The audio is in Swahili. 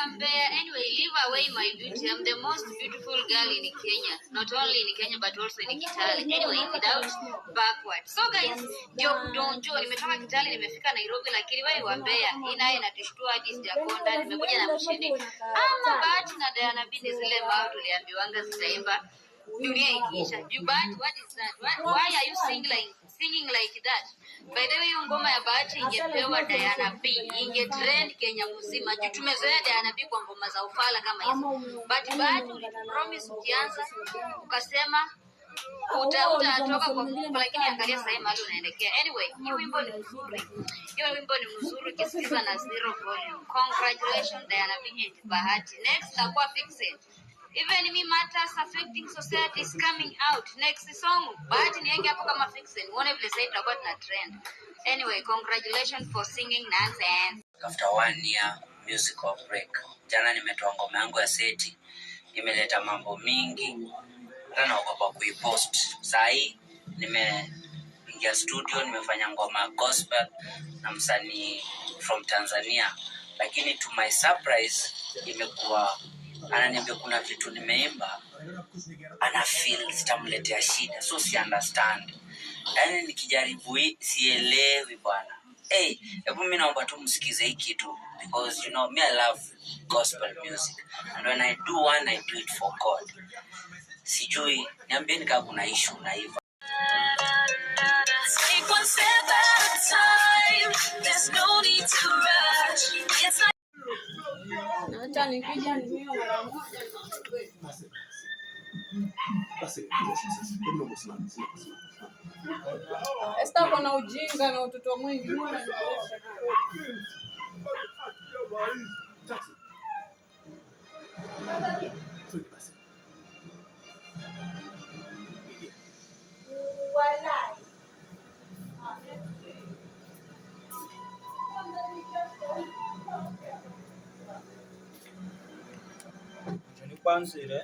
I'm there anyway. Leave away my beauty. I'm the most beautiful girl in Kenya. Not only in Kenya but also in Kitale. Anyway, without backward. So guys, ndio ndonjo nimetoka Kitale nimefika Nairobi lakini wewe wa Mbeya inaye natishtua hadi sijakonda nimekuja na mshindi. Ama bahati na Diana B zile mbao tuliambiwanga zitaimba dunia ikiisha. You but what is that? why are you singing like singing like that? By the way hiyo ngoma ya bahati ingepewa Diana B, trend Kenya mzima. Juu tumezoea Diana B kwa ngoma za ufala kama hizo. But bahati promise ukianza ukasema utatoka kwa Mungu, lakini angalia sasa hivi mahali unaelekea. Anyway, hiyo wimbo ni mzuri, hiyo wimbo ni mzuri ukisikiza na zero volume. Congratulations Diana B and Bahati. Next takuwa fixed. Even me matters affecting society is coming out. Next song, bahati nienge hapo kama fiction. Uone vile sasa tunakuwa tuna trend. Anyway, congratulations for singing nonsense. After one year musical break. Jana nimetoa ngoma yangu ya seti. Imeleta mambo mingi. Hata naogopa kuipost. Saa hii nimeingia studio, nimefanya ngoma gospel na msanii from Tanzania, lakini to my surprise imekuwa ananiambia kuna vitu nimeimba ana feel sitamletea shida so si understand yani nikijaribu sielewi bwana hey, hebu mi naomba tu msikize hii kitu because you know me i love gospel music and when i do one i do it for god sijui niambieni kaa kuna ishu na hivyo hata nikija ni Esta kona ujinga na utoto mwingi. பான்சீர்